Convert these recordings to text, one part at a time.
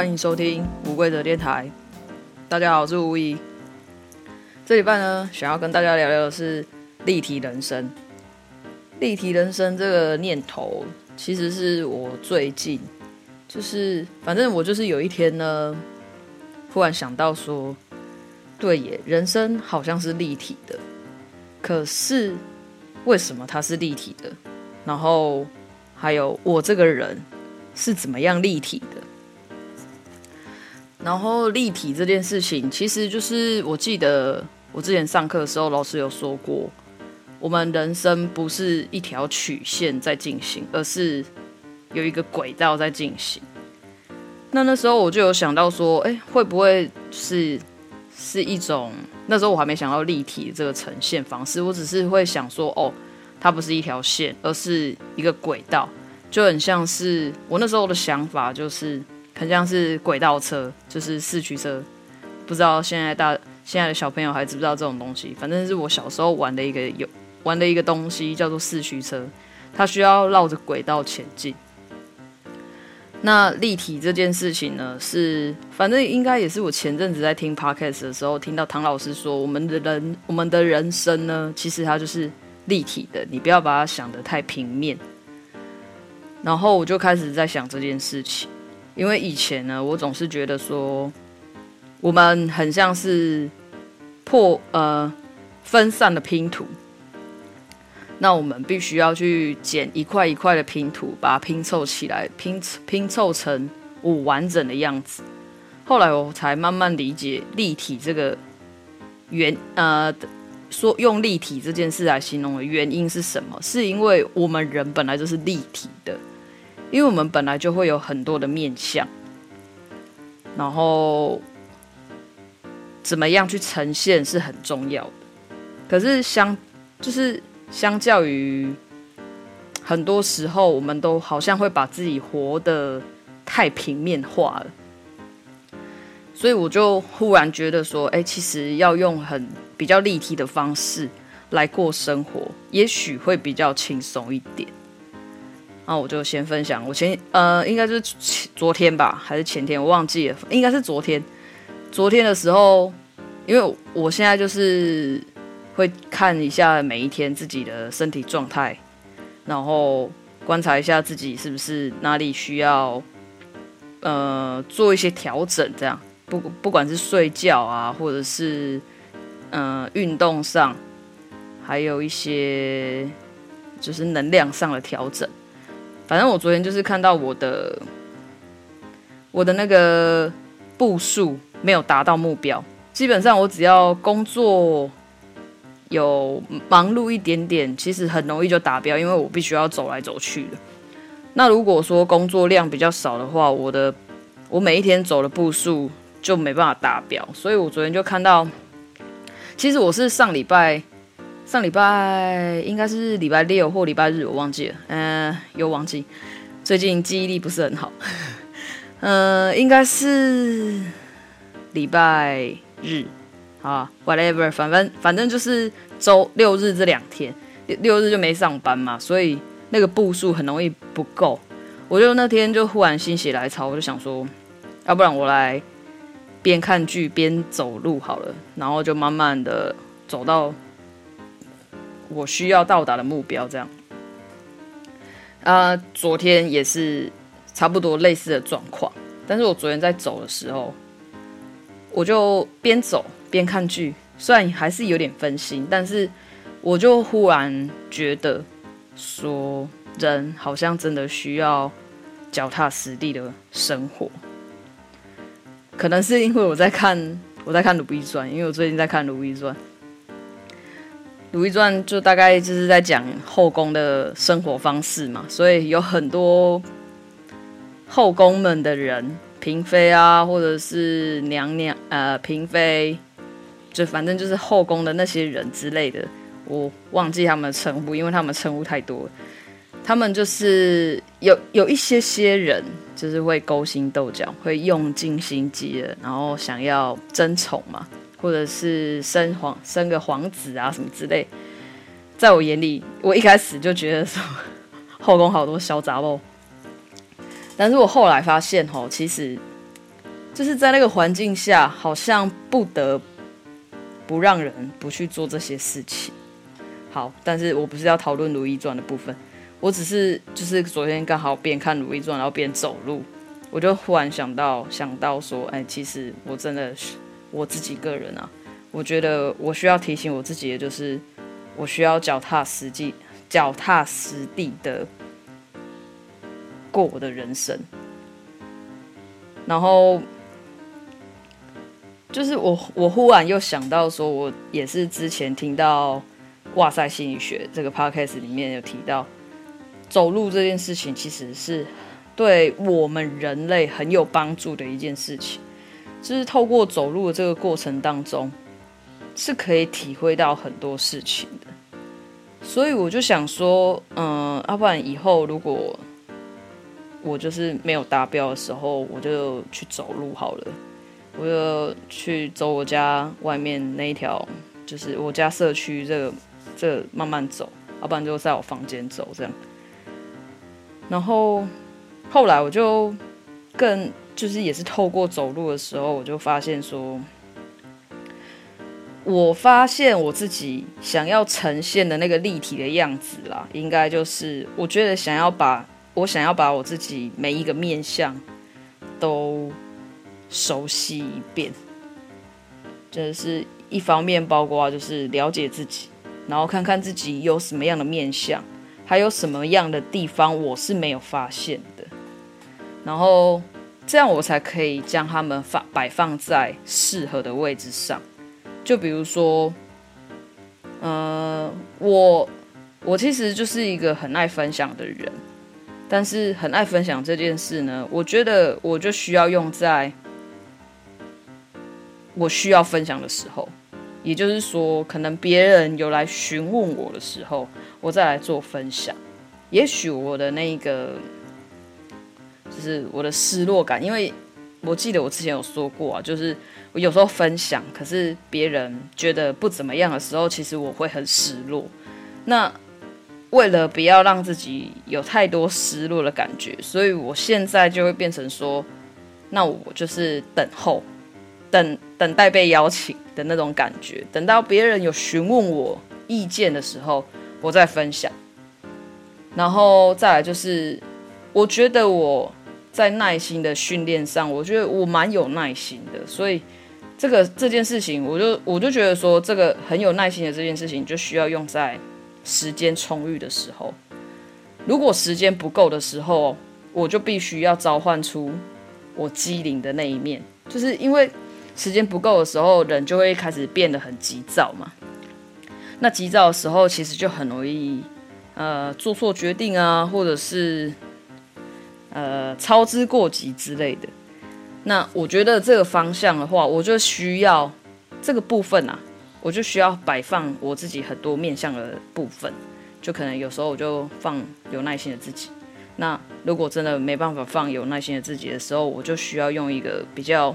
歡迎收聽無規則電台。大家好，我是無疑。這禮拜呢，想要跟大家聊聊的是立體人生。立體人生這個念頭，其實是我最近就是，反正我就是有一天呢，忽然想到說，對耶，人生好像是立體的。可是為什麼它是立體的？然後還有我這個人是怎麼樣立體的？然後立體這件事情，其實就是我記得我之前上課的時候，老師有說過，我們人生不是一條曲線在進行，而是有一個軌道在進行。那那時候我就有想到說，誒，會不會是是一種？那時候我還沒想到立體這個呈現方式，我只是會想說，哦，它不是一條線，而是一個軌道，就很像是我那時候的想法就是。很像是軌道車，就是四驅車，不知道現在大現在的小朋友還知不知道這種東西。反正是我小時候玩的一個有玩的一個東西，叫做四驅車，它需要繞着軌道前進。那立體這件事情呢，是反正應該也是我前陣子在聽 Podcast 的時候聽到唐老師說，我們的人我們的人生呢，其實它就是立體的，你不要把它想得太平面。然後我就開始在想這件事情。因為以前呢，我總是覺得說，我們很像是破呃分散的拼圖，那我們必須要去撿一塊一塊的拼圖，把它拼湊起來，拼拼湊成五完整的樣子。後來我才慢慢理解立體這個原呃說用立體這件事來形容的原因是什麼，是因為我們人本來就是立體的。因為我們本來就會有很多的面向，然後怎麼樣去呈現是很重要的。可是相，就是相較於很多時候，我們都好像會把自己活得太平面化了，所以我就忽然覺得說，哎、欸，其實要用很比較立體的方式來過生活，也許會比較輕鬆一點。那、啊、我就先分享，我前呃，應該就是昨天吧，還是前天，我忘記了，應該是昨天。昨天的時候，因為我，我現在就是會看一下每一天自己的身體狀態，然後觀察一下自己是不是哪裡需要呃做一些調整，這樣不不管是睡覺啊，或者是嗯呃運動上，還有一些就是能量上的調整。反正我昨天就是看到我的我的那個步數沒有達到目標。基本上我只要工作有忙碌一點點，其實很容易就達標，因為我必須要走來走去的。那如果說工作量比較少的話，我的我每一天走的步數就沒辦法達標。所以我昨天就看到，其實我是上禮拜。上禮拜應該是禮拜六或禮拜日，我忘記了，嗯、呃，又忘記，最近記憶力不是很好，嗯、呃，應該是禮拜日啊，whatever，反正反，反正就是周六日這兩天六，六日就沒上班嘛，所以那個步數很容易不夠。我就那天就忽然心血來潮，我就想說，要、啊、不然我來邊看劇邊走路好了，然後就慢慢的走到。我需要到達的目標，這樣。啊、呃，昨天也是差不多類似的狀況，但是我昨天在走的時候，我就邊走邊看劇，雖然還是有點分心，但是我就忽然覺得說，人好像真的需要腳踏實地的生活。可能是因為我在看，我在看《如懿傳》，因為我最近在看《如懿傳》。《如懿傳》就大概就是在講後宮的生活方式嘛，所以有很多後宮們的人，嬪妃啊，或者是娘娘，呃，嬪妃，就反正就是後宮的那些人之類的，我忘記他們的稱呼，因為他們稱呼太多了。他們就是有有一些些人，就是會勾心鬥角，會用盡心機的，然後想要爭寵嘛。或者是生皇，生個皇子啊什麼之類，在我眼裡，我一開始就覺得說後宮好多小雜哦。但是我後來發現哦，其實就是在那個環境下，好像不得不讓人不去做這些事情。好，但是我不是要討論《如懿傳》的部分，我只是就是昨天剛好邊看《如懿傳》然後邊走路，我就忽然想到想到說，哎，其實我真的是。我自己個人啊，我覺得我需要提醒我自己的就是我需要腳踏實際、腳踏實地的過我的人生。然後，就是我我忽然又想到說，我也是之前聽到哇塞心理學這個 podcast 裡面有提到，走路這件事情其實是對我們人類很有幫助的一件事情。就是透過走路的這個過程當中，是可以體會到很多事情的。所以我就想說，嗯，要不然以後如果我就是沒有達標的時候，我就去走路好了，我就去走我家外面那一條，就是我家社區這個這個慢慢走，要不然就在我房間走這樣。然後後來我就更。就是也是透過走路的時候，我就發現說，我發現我自己想要呈現的那個立體的樣子啦，應該就是我覺得想要把我，想要把我自己每一個面向都熟悉一遍，就是一方面包括就是了解自己，然後看看自己有什麼樣的面向，還有什麼樣的地方我是沒有發現的，然後。這樣我才可以將它們放擺放在適合的位置上。就比如說，嗯、呃，我我其實就是一個很愛分享的人，但是很愛分享這件事呢，我覺得我就需要用在我需要分享的時候。也就是說，可能別人有來詢問我的時候，我再來做分享。也許我的那個。就是我的失落感，因為我記得我之前有說過啊，就是我有時候分享，可是別人覺得不怎麼樣的時候，其實我會很失落。那為了不要讓自己有太多失落的感覺，所以我現在就會變成說，那我就是等候，等，等待被邀請的那種感覺，等到別人有詢問我意見的時候，我再分享。然後再來就是，我覺得我。在耐心的訓練上，我覺得我蠻有耐心的，所以這個這件事情，我就我就覺得說，這個很有耐心的這件事情，就需要用在時間充裕的時候。如果時間不夠的時候，我就必須要召喚出我機靈的那一面，就是因為時間不夠的時候，人就會開始變得很急躁嘛。那急躁的時候，其實就很容易呃做錯決定啊，或者是。呃，操之過急之類的。那我覺得這個方向的話，我就需要這個部分啊，我就需要擺放我自己很多面向的部分。就可能有時候我就放有耐心的自己。那如果真的沒辦法放有耐心的自己的時候，我就需要用一個比較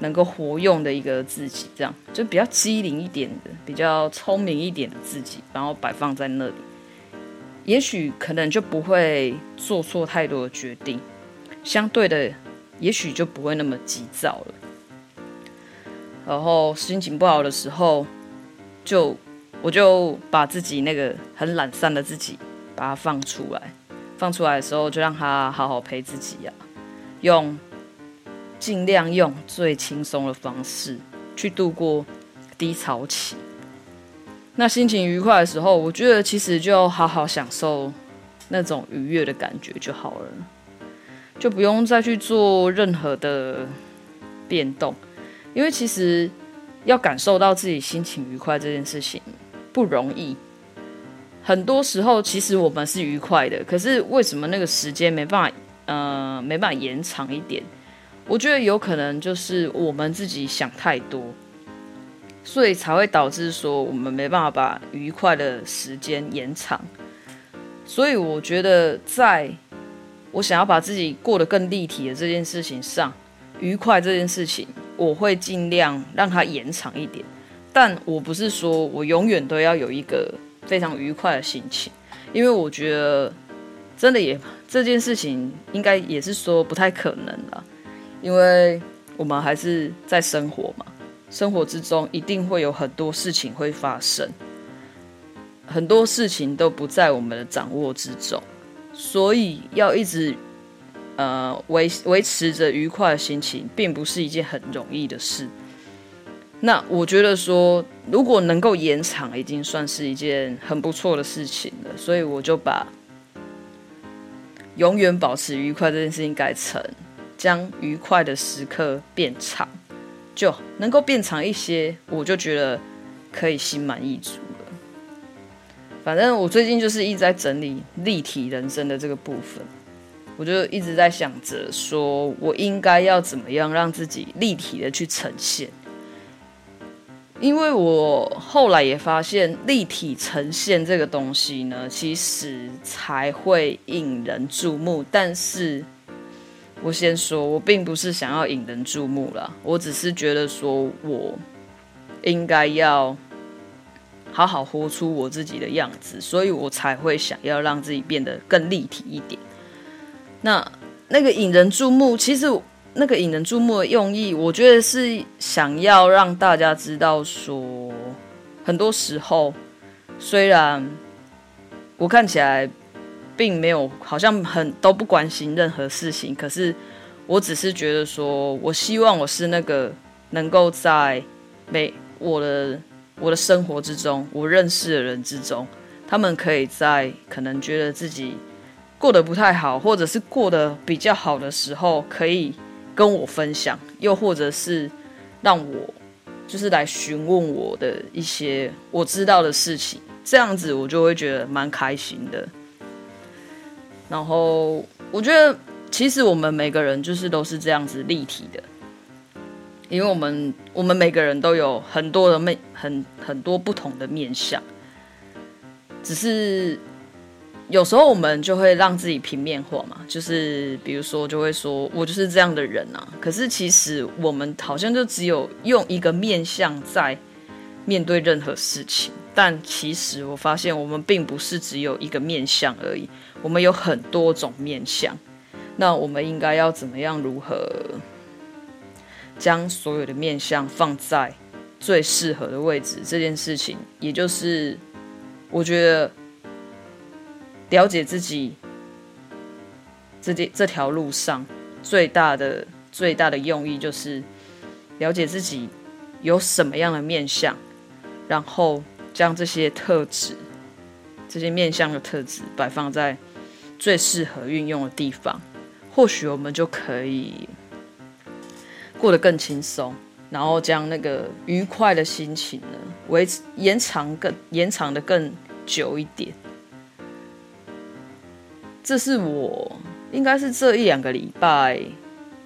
能夠活用的一個自己，這樣就比較機靈一點的，比較聰明一點的自己，然後擺放在那裡。也許可能就不會做錯太多的決定，相對的，也許就不會那麼急躁了。然後心情不好的時候，就我就把自己那個很懶散的自己，把它放出來。放出來的時候，就讓它好好陪自己呀、啊，用盡量用最輕鬆的方式去度過低潮期。那心情愉快的時候，我覺得其實就好好享受那種愉悅的感覺就好了，就不用再去做任何的變動，因為其實要感受到自己心情愉快這件事情不容易。很多時候，其實我們是愉快的，可是為什麼那個時間沒辦法，呃，沒辦法延長一點？我覺得有可能就是我們自己想太多。所以才會導致說我們沒辦法把愉快的時間延長。所以我覺得，在我想要把自己過得更立體的這件事情上，愉快這件事情，我會盡量讓它延長一點。但我不是說我永遠都要有一個非常愉快的心情，因為我覺得真的也這件事情應該也是說不太可能了，因為我們還是在生活嘛。生活之中一定會有很多事情會發生，很多事情都不在我們的掌握之中，所以要一直呃維維持着愉快的心情，並不是一件很容易的事。那我覺得說，如果能夠延長，已經算是一件很不錯的事情了。所以我就把永遠保持愉快這件事情改成將愉快的時刻變長。就能夠變長一些，我就覺得可以心滿意足了。反正我最近就是一直在整理立體人生的這個部分，我就一直在想着說我應該要怎麼樣讓自己立體的去呈現。因為我後來也發現，立體呈現這個東西呢，其實才會引人注目，但是。我先說，我並不是想要引人注目啦，我只是覺得說，我應該要好好活出我自己的樣子，所以我才會想要讓自己變得更立體一點。那那個引人注目，其實那個引人注目的用意，我覺得是想要讓大家知道說，很多時候雖然我看起來，並沒有，好像很，都不關心任何事情。可是，我只是覺得說，我希望我是那個能夠在每，我的我的生活之中，我認識的人之中，他們可以在可能覺得自己過得不太好，或者是過得比較好的時候，可以跟我分享，又或者是讓我就是來詢問我的一些我知道的事情，這樣子我就會覺得蠻開心的。然後，我覺得其實我們每個人就是都是這樣子立體的，因為我們我們每個人都有很多的面，很很多不同的面向。只是有時候我們就會讓自己平面化嘛，就是比如說就會說我就是這樣的人啊，可是其實我們好像就只有用一個面向在面對任何事情。但其實我發現，我們並不是只有一個面向而已，我們有很多種面向。那我們應該要怎麼樣，如何將所有的面向放在最適合的位置？這件事情，也就是我覺得了解自己這，這這條路上最大的最大的用意，就是了解自己有什麼樣的面向，然後。將這些特質、這些面向的特質擺放在最適合運用的地方，或許我們就可以過得更輕鬆，然後將那個愉快的心情呢維持、延長更、延長得更久一點。這是我，應該是這一兩個禮拜，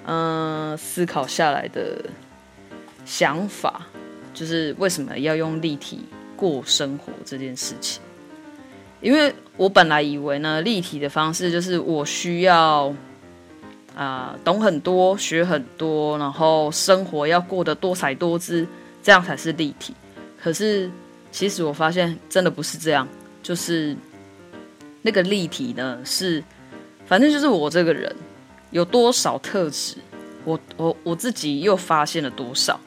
嗯，思考下來的想法，就是為什麼要用立體。過生活這件事情，因為我本來以為呢，立體的方式就是我需要啊、呃、懂很多、學很多，然後生活要過得多彩多姿，這樣才是立體。可是其實我發現真的不是這樣，就是那個立體呢是，反正就是我這個人有多少特質，我我我自己又發現了多少。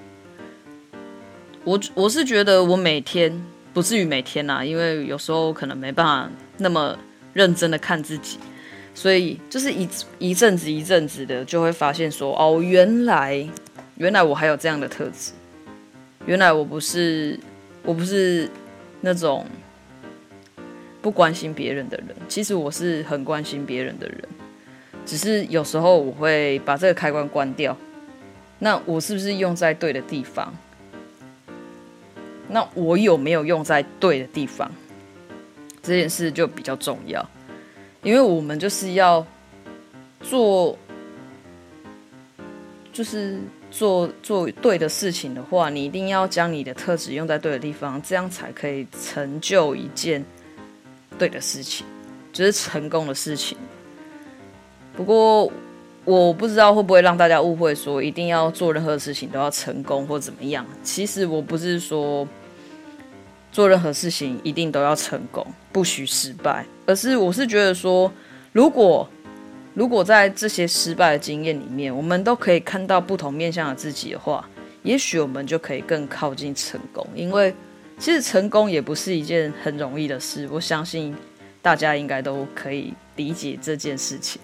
我我是覺得我每天，不至於每天啊，因為有時候可能沒辦法那麼認真的看自己，所以就是一一陣子一陣子的就會發現說，哦，原來原來我還有這樣的特質，原來我不是我不是那種不關心別人的人，其實我是很關心別人的人，只是有時候我會把這個開關關掉，那我是不是用在對的地方？那我有沒有用在對的地方？這件事就比較重要，因為我們就是要做，就是做做對的事情的話，你一定要將你的特質用在對的地方，這樣才可以成就一件對的事情，就是成功的事情。不過。我不知道會不會讓大家誤會，說一定要做任何事情都要成功或怎麼樣。其實我不是說做任何事情一定都要成功，不許失敗，而是我是覺得說，如果如果在這些失敗的經驗裡面，我們都可以看到不同面向的自己的話，也許我們就可以更靠近成功。因為其實成功也不是一件很容易的事，我相信大家應該都可以理解這件事情。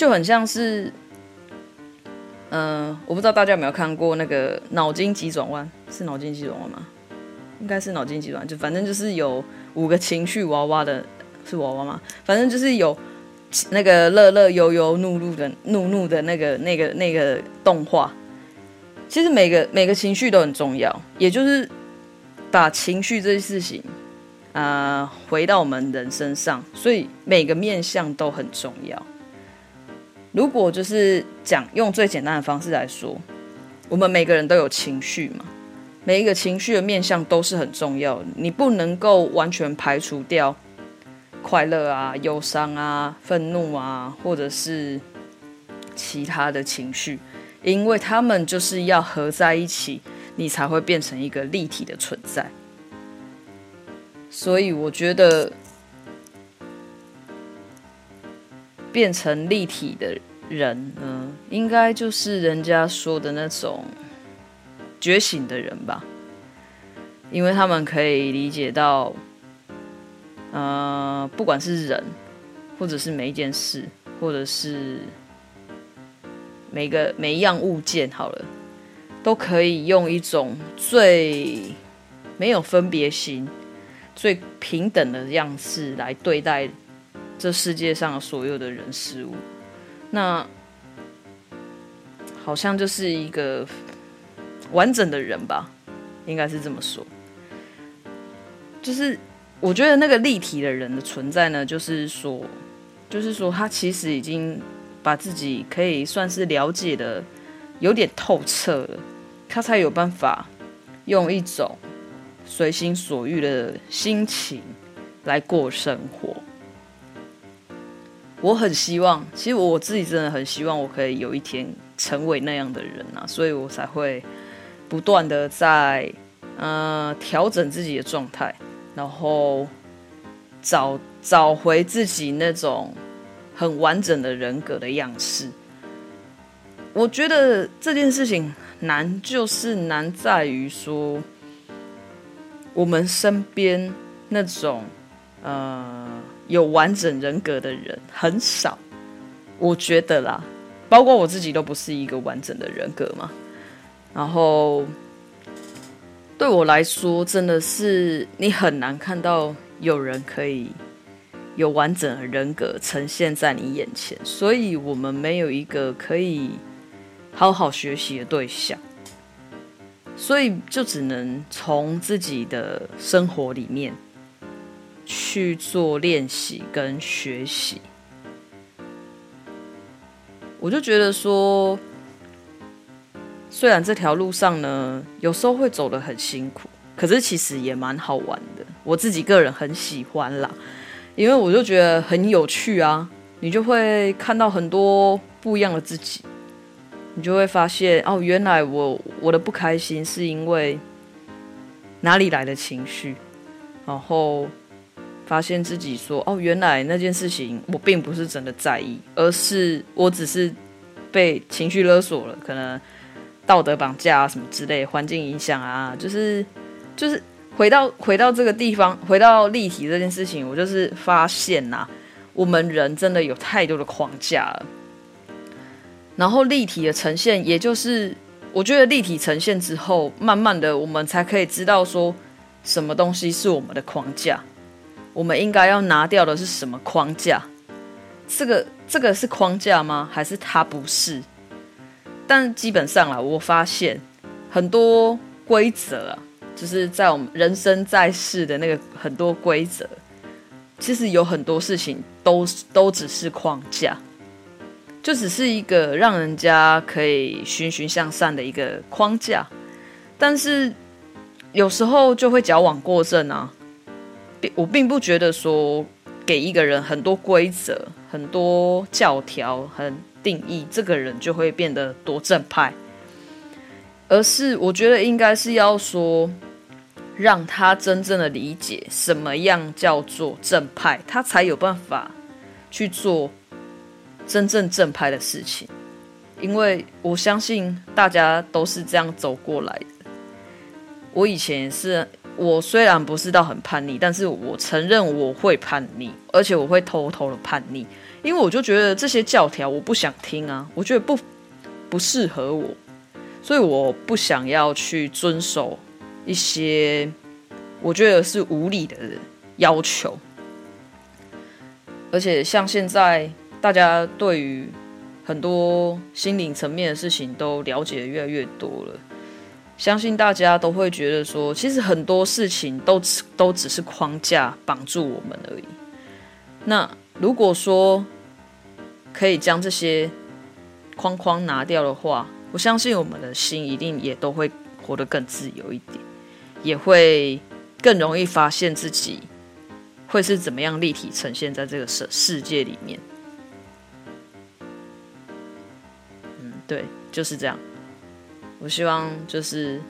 就很像是，嗯、呃，我不知道大家有沒有看過那個腦筋急轉彎，是腦筋急轉彎嗎？應該是腦筋急轉彎，就反正就是有五個情緒娃娃的，是娃娃嗎？反正就是有那個樂樂、憂憂、怒怒的怒怒的那個、那個、那個動畫。其實每個每個情緒都很重要，也就是把情緒這些事情，啊、呃、回到我們人身上，所以每個面向都很重要。如果就是講，用最簡單的方式來說，我們每個人都有情緒嘛，每一個情緒的面向都是很重要的，你不能夠完全排除掉快樂啊、憂傷啊、憤怒啊，或者是其他的情緒，因為他們就是要合在一起，你才會變成一個立體的存在。所以我覺得。變成立體的人，嗯、呃，應該就是人家說的那種覺醒的人吧，因為他們可以理解到，呃，不管是人，或者是每一件事，或者是每個每一樣物件，好了，都可以用一種最沒有分別心、最平等的樣式來對待。這世界上所有的人事物，那好像就是一個完整的人吧，應該是這麼說。就是我覺得那個立體的人的存在呢，就是說，就是說他其實已經把自己可以算是了解的有點透徹了，他才有辦法用一種隨心所欲的心情來過生活。我很希望，其實我自己真的很希望，我可以有一天成為那樣的人啊，所以我才會不斷的在，嗯，呃，調整自己的狀態，然後找找回自己那種很完整的人格的樣式。我覺得這件事情難，就是難在於說我們身邊那種，嗯，呃。有完整人格的人很少，我覺得啦，包括我自己都不是一個完整的人格嘛。然後對我來說，真的是你很難看到有人可以有完整的人格呈現在你眼前，所以我們沒有一個可以好好學習的對象，所以就只能從自己的生活裡面。去做練習跟學習，我就覺得說，雖然這條路上呢，有時候會走得很辛苦，可是其實也蠻好玩的。我自己個人很喜歡啦，因為我就覺得很有趣啊，你就會看到很多不一樣的自己，你就會發現哦，原來我我的不開心是因為哪裡來的情緒，然後。發現自己說哦，原來那件事情我並不是真的在意，而是我只是被情緒勒索了，可能道德綁架啊什麼之類，環境影響啊，就是就是回到回到這個地方，回到立體這件事情，我就是發現吶、啊，我們人真的有太多的框架了。然後立體的呈現，也就是我覺得立體呈現之後，慢慢的我們才可以知道說什麼東西是我們的框架。我們應該要拿掉的是什麼框架？這個這個是框架嗎？還是它不是？但基本上啦，我發現很多規則啊，就是在我們人生在世的那個很多規則，其實有很多事情都都只是框架，就只是一個讓人家可以循循向善的一個框架，但是有時候就會矯枉過正啊。我並不覺得說，給一個人很多規則、很多教條和定義，這個人就會變得多正派。而是我覺得應該是要說，讓他真正的理解什麼樣叫做正派，他才有辦法去做真正正派的事情。因為我相信大家都是這樣走過來的。我以前也是。我雖然不是到很叛逆，但是我承認我會叛逆，而且我會偷偷的叛逆，因為我就覺得這些教條我不想聽啊，我覺得不不適合我，所以我不想要去遵守一些我覺得是無理的要求。而且像現在大家對於很多心靈層面的事情都了解的越來越多了。相信大家都會覺得說，其實很多事情都只都只是框架綁住我們而已。那如果說可以將這些框框拿掉的話，我相信我們的心一定也都會活得更自由一點，也會更容易發現自己會是怎麼樣立體呈現在這個世世界裡面。嗯，對，就是這樣。我希望就是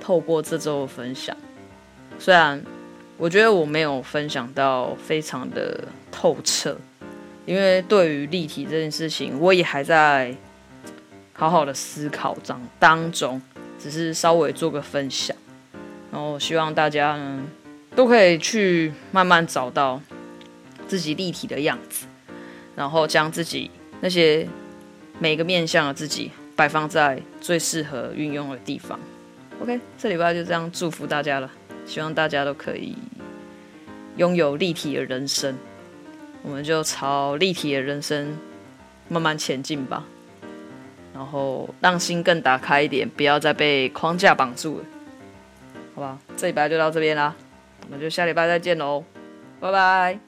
透過這週的分享，雖然我覺得我沒有分享到非常的透徹，因為對於立體這件事情，我也還在好好的思考當當中，只是稍微做個分享，然後希望大家呢都可以去慢慢找到自己立體的樣子，然後將自己那些每個面向的自己，擺放在最適合運用的地方。OK，這禮拜就這樣祝福大家了，希望大家都可以擁有立體的人生。我們就朝立體的人生慢慢前進吧，然後讓心更打開一點，不要再被框架綁住了，好吧？這禮拜就到這邊啦，我們就下禮拜再見嘍，拜拜。